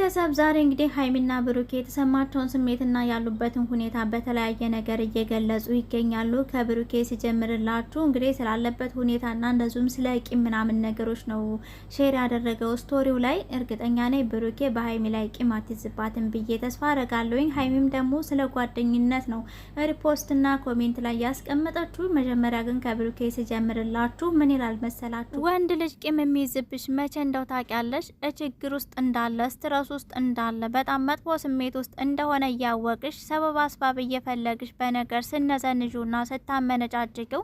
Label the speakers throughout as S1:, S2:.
S1: ቤተሰብ ዛሬ እንግዲህ ሀይሚና ብሩኬ የተሰማቸውን ስሜትና ያሉበትን ሁኔታ በተለያየ ነገር እየገለጹ ይገኛሉ። ከብሩኬ ሲጀምርላችሁ እንግዲህ ስላለበት ሁኔታና እንደዚሁም ስለ ቂም ምናምን ነገሮች ነው ሼር ያደረገው ስቶሪው ላይ። እርግጠኛ ነኝ ብሩኬ በሀይሚ ላይ ቂም አትይዝባትም ብዬ ተስፋ አረጋለሁኝ። ሀይሚም ደግሞ ስለ ጓደኝነት ነው ሪፖስትና ኮሜንት ላይ ያስቀመጠችሁ። መጀመሪያ ግን ከብሩኬ ሲጀምርላችሁ ምን ይላል መሰላችሁ?
S2: ወንድ ልጅ ቂም የሚይዝብሽ መቼ እንደው ታውቂያለሽ? ችግር ውስጥ እንዳለ ስትረሱ ውስጥ እንዳለ በጣም መጥፎ ስሜት ውስጥ እንደሆነ እያወቅሽ ሰበብ አስባብ እየፈለግሽ በነገር ስነዘንዡና ስታመነጫጭቂው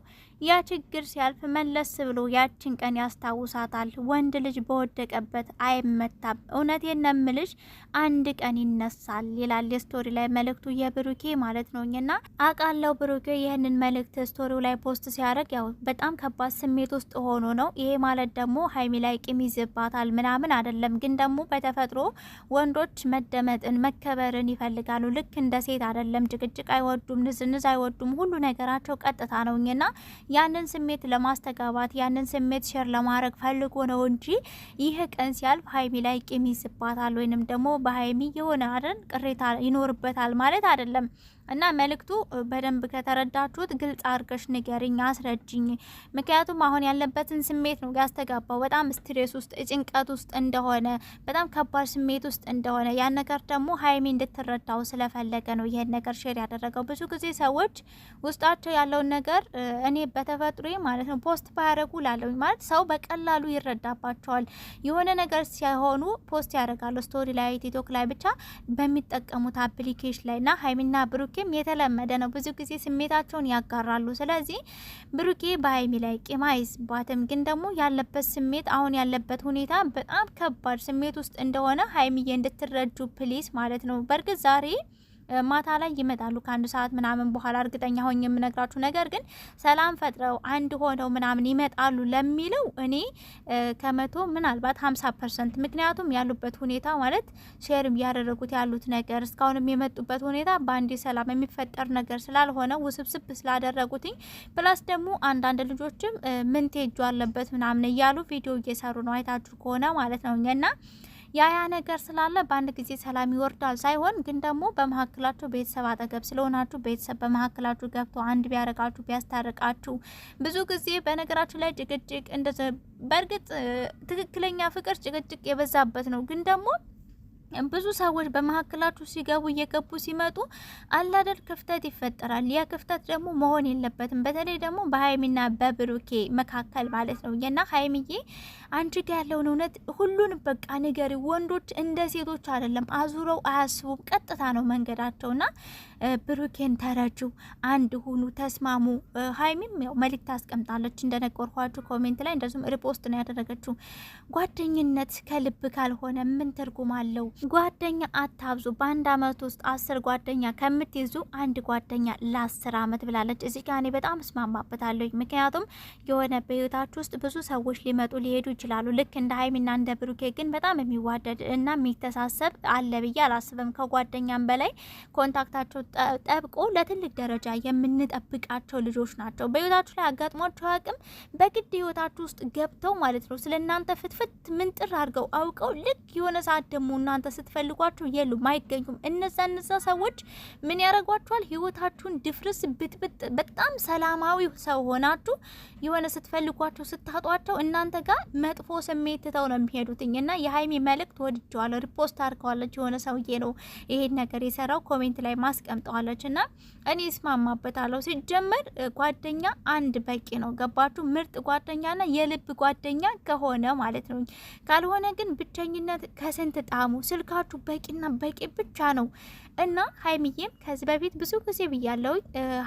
S2: ያ ችግር ሲያልፍ መለስ ብሎ ያችን ቀን ያስታውሳታል። ወንድ ልጅ በወደቀበት አይመታም። እውነት የነምልሽ አንድ ቀን ይነሳል ይላል የስቶሪ ላይ መልእክቱ የብሩኬ ማለት ነውና አቃለው ብሩኬ ይህንን መልእክት ስቶሪው ላይ ፖስት ሲያደርግ ያው በጣም ከባድ ስሜት ውስጥ ሆኖ ነው። ይሄ ማለት ደግሞ ሀይሚ ላይ ቂም ይዝባታል ምናምን አይደለም፣ ግን ደግሞ በተፈጥሮ ወንዶች መደመጥን መከበርን ይፈልጋሉ። ልክ እንደ ሴት አይደለም። ጭቅጭቅ አይወዱም፣ ንዝንዝ አይወዱም። ሁሉ ነገራቸው ቀጥታ ነውና ያንን ስሜት ለማስተጋባት ያንን ስሜት ሼር ለማድረግ ፈልጎ ነው እንጂ ይህ ቀን ሲያልፍ ሀይሚ ላይ ቂም ይዝባታል ወይንም ደግሞ በሀይሚ የሆነ አደን ቅሬታ ይኖርበታል ማለት አይደለም። እና መልእክቱ በደንብ ከተረዳችሁት ግልጽ አድርገሽ ንገሪኝ፣ አስረጅኝ። ምክንያቱም አሁን ያለበትን ስሜት ነው ያስተጋባው። በጣም ስትሬስ ውስጥ ጭንቀት ውስጥ እንደሆነ፣ በጣም ከባድ ስሜት ውስጥ እንደሆነ ያን ነገር ደግሞ ሀይሚ እንድትረዳው ስለፈለገ ነው ይሄን ነገር ሼር ያደረገው። ብዙ ጊዜ ሰዎች ውስጣቸው ያለውን ነገር እኔ በተፈጥሮ ማለት ነው ፖስት ባያደረጉ ላለው ማለት ሰው በቀላሉ ይረዳባቸዋል። የሆነ ነገር ሲሆኑ ፖስት ያደርጋሉ ስቶሪ ላይ፣ ቲክቶክ ላይ ብቻ በሚጠቀሙት አፕሊኬሽን ላይ እና ሀይሚና ብሩክ ብሩኬም የተለመደ ነው። ብዙ ጊዜ ስሜታቸውን ያጋራሉ። ስለዚህ ብሩኬ በሀይሚ ላይ ቂም አይዝባትም። ግን ደግሞ ያለበት ስሜት አሁን ያለበት ሁኔታ በጣም ከባድ ስሜት ውስጥ እንደሆነ ሀይሚዬ እንድትረጁ ፕሊስ ማለት ነው። በእርግጥ ዛሬ ማታ ላይ ይመጣሉ ከአንድ ሰዓት ምናምን በኋላ እርግጠኛ ሆኜ የምነግራችሁ ነገር ግን ሰላም ፈጥረው አንድ ሆነው ምናምን ይመጣሉ ለሚለው እኔ ከመቶ ምናልባት ሀምሳ ፐርሰንት ምክንያቱም ያሉበት ሁኔታ ማለት ሼር እያደረጉት ያሉት ነገር እስካሁንም የመጡበት ሁኔታ በአንድ ሰላም የሚፈጠር ነገር ስላልሆነ ውስብስብ ስላደረጉትኝ ፕላስ ደግሞ አንዳንድ ልጆችም ምን ቴጁ አለበት ምናምን እያሉ ቪዲዮ እየሰሩ ነው አይታችሁ ከሆነ ማለት ነው እና ያያ ነገር ስላለ በአንድ ጊዜ ሰላም ይወርዳል ሳይሆን ግን ደግሞ በመካከላችሁ ቤተሰብ አጠገብ ስለሆናችሁ ቤተሰብ በመካከላችሁ ገብቶ አንድ ቢያረጋችሁ ቢያስታርቃችሁ። ብዙ ጊዜ በነገራችሁ ላይ ጭቅጭቅ እንደ በእርግጥ ትክክለኛ ፍቅር ጭቅጭቅ የበዛበት ነው ግን ደግሞ ብዙ ሰዎች በመካከላችሁ ሲገቡ እየገቡ ሲመጡ አላደር ክፍተት ይፈጠራል። ያ ክፍተት ደግሞ መሆን የለበትም። በተለይ ደግሞ በሀይሚና በብሩኬ መካከል ማለት ነው እና ሀይሚዬ አንቺ ጋ ያለውን እውነት ሁሉን በቃ ንገሪ። ወንዶች እንደ ሴቶች አይደለም፣ አዙረው አያስቡም። ቀጥታ ነው መንገዳቸውና ብሩኬን ተረጁ፣ አንድ ሁኑ፣ ተስማሙ። ሀይሚም ያው መልእክት አስቀምጣለች እንደነገርኳችሁ ኮሜንት ላይ እንደዚሁም ሪፖስት ነው ያደረገችው። ጓደኝነት ከልብ ካልሆነ ምን ትርጉም አለው? ጓደኛ አታብዙ። በአንድ አመት ውስጥ አስር ጓደኛ ከምትይዙ አንድ ጓደኛ ለአስር አመት ብላለች። እዚህ ጋ እኔ በጣም እስማማበታለሁ። ምክንያቱም የሆነ በህይወታችሁ ውስጥ ብዙ ሰዎች ሊመጡ ሊሄዱ ይችላሉ። ልክ እንደ ሀይሚና እንደ ብሩኬ ግን በጣም የሚዋደድ እና የሚተሳሰብ አለ ብዬ አላስብም። ከጓደኛም በላይ ኮንታክታቸው ጠብቆ ለትልቅ ደረጃ የምንጠብቃቸው ልጆች ናቸው። በህይወታችሁ ላይ አጋጥሟቸው አቅም በግድ ህይወታችሁ ውስጥ ገብተው ማለት ነው ስለ እናንተ ፍትፍት ምንጥር አድርገው አውቀው ልክ የሆነ ሰዓት ደግሞ እናንተ ስትፈልጓቸው የሉም፣ አይገኙም። እነዛ እነዛ ሰዎች ምን ያደርጓችኋል? ህይወታችሁን ድፍርስ ብጥብጥ በጣም ሰላማዊ ሰው ሆናችሁ የሆነ ስትፈልጓቸው ስታጧቸው እናንተ ጋር መጥፎ ስሜት ትተው ነው የሚሄዱትኝ። እና የሀይሚ መልእክት ወድጀዋለሁ። ሪፖስት አድርገዋለች። የሆነ ሰውዬ ነው ይሄን ነገር የሰራው ኮሜንት ላይ ማስቀምጠዋለች። እና እኔ እስማማበታለሁ። ሲጀመር ጓደኛ አንድ በቂ ነው። ገባችሁ? ምርጥ ጓደኛና የልብ ጓደኛ ከሆነ ማለት ነው። ካልሆነ ግን ብቸኝነት ከስንት ጣሙ። ስልካችሁ በቂና በቂ ብቻ ነው። እና ሀይሚዬም ከዚህ በፊት ብዙ ጊዜ ብያለው፣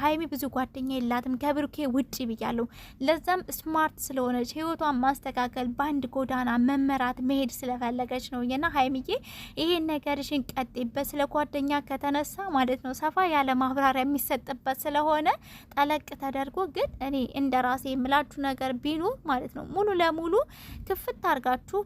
S2: ሀይሚ ብዙ ጓደኛ የላትም ከብሩኬ ውጭ ብያለው። ለዛም ስማርት ስለሆነች ህይወቷን ማስተካከል በአንድ ጎዳና መመራት መሄድ ስለፈለገች ነው። እና ሀይሚዬ ይሄን ነገርሽን ቀጤበት ስለ ጓደኛ ከተነሳ ማለት ነው ሰፋ ያለ ማብራሪያ የሚሰጥበት ስለሆነ ጠለቅ ተደርጎ ግን እኔ እንደ ራሴ የምላችሁ ነገር ቢኑ ማለት ነው ሙሉ ለሙሉ ክፍት አርጋችሁ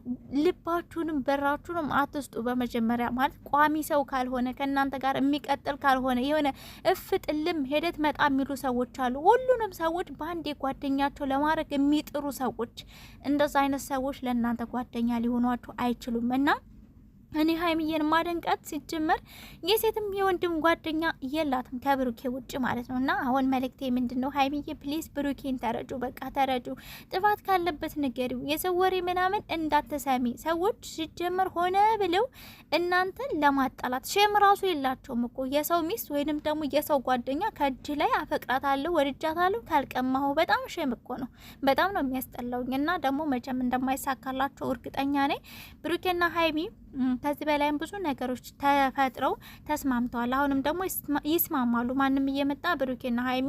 S2: ልባችሁንም በራችሁንም አትስጡ። በመጀመሪያ ማለት ቋሚ ሰው ካልሆነ ከእናንተ ከእናንተ ጋር የሚቀጥል ካልሆነ የሆነ እፍጥልም ሄደት መጣ የሚሉ ሰዎች አሉ። ሁሉንም ሰዎች በአንዴ ጓደኛቸው ለማድረግ የሚጥሩ ሰዎች፣ እንደዛ አይነት ሰዎች ለእናንተ ጓደኛ ሊሆኗችሁ አይችሉም እና እኔ ሀይሚዬን ማደንቃት ሲጀመር የሴትም የወንድም ጓደኛ የላትም ከብሩኬ ውጭ ማለት ነው። እና አሁን መልእክቴ ምንድን ነው? ሀይሚዬ ፕሊስ ብሩኬን ተረጁ፣ በቃ ተረጁ። ጥፋት ካለበት ንገሪው። የሰው ወሬ ምናምን እንዳትሰሚ። ሰዎች ሲጀመር ሆነ ብለው እናንተን ለማጣላት ሼም ራሱ የላቸውም እኮ የሰው ሚስት ወይንም ደግሞ የሰው ጓደኛ ከእጅ ላይ አፈቅራታለሁ፣ ወድጃታለሁ ካልቀማሁ በጣም ሼም እኮ ነው። በጣም ነው የሚያስጠላውኝ። እና ደግሞ መቼም እንደማይሳካላቸው እርግጠኛ ነኝ ብሩኬና ሀይሚ ከዚህ በላይም ብዙ ነገሮች ተፈጥረው ተስማምተዋል። አሁንም ደግሞ ይስማማሉ። ማንም እየመጣ ብሩኬና ሀይሚ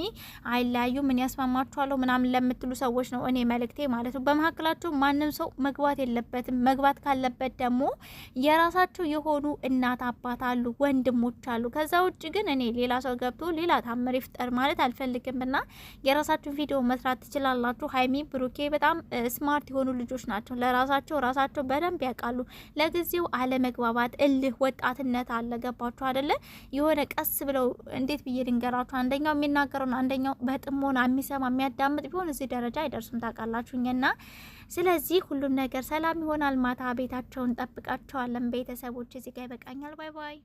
S2: አይለያዩ ምን ያስማማችኋለሁ ምናምን ለምትሉ ሰዎች ነው እኔ መልእክቴ ማለት ነው። በመካከላቸው ማንም ሰው መግባት የለበትም። መግባት ካለበት ደግሞ የራሳቸው የሆኑ እናት አባት አሉ፣ ወንድሞች አሉ። ከዛ ውጭ ግን እኔ ሌላ ሰው ገብቶ ሌላ ታምር ይፍጠር ማለት አልፈልግም እና የራሳችሁን ቪዲዮ መስራት ትችላላችሁ። ሀይሚ ብሩኬ በጣም ስማርት የሆኑ ልጆች ናቸው። ለራሳቸው ራሳቸው በደንብ ያውቃሉ። ለጊዜው አለመግባባት፣ እልህ፣ ወጣትነት አለ። ገባችሁ አደለ? የሆነ ቀስ ብለው እንዴት ብዬ ልንገራችሁ፣ አንደኛው የሚናገረውን አንደኛው በጥሞና የሚሰማ የሚያዳምጥ ቢሆን እዚህ ደረጃ አይደርሱም። ታውቃላችሁኝና ስለዚህ ሁሉም ነገር ሰላም ይሆናል። ማታ ቤታቸውን ጠብቃቸዋለን ቤተሰቦች። እዚህ ጋር ይበቃኛል። ባይ ባይ።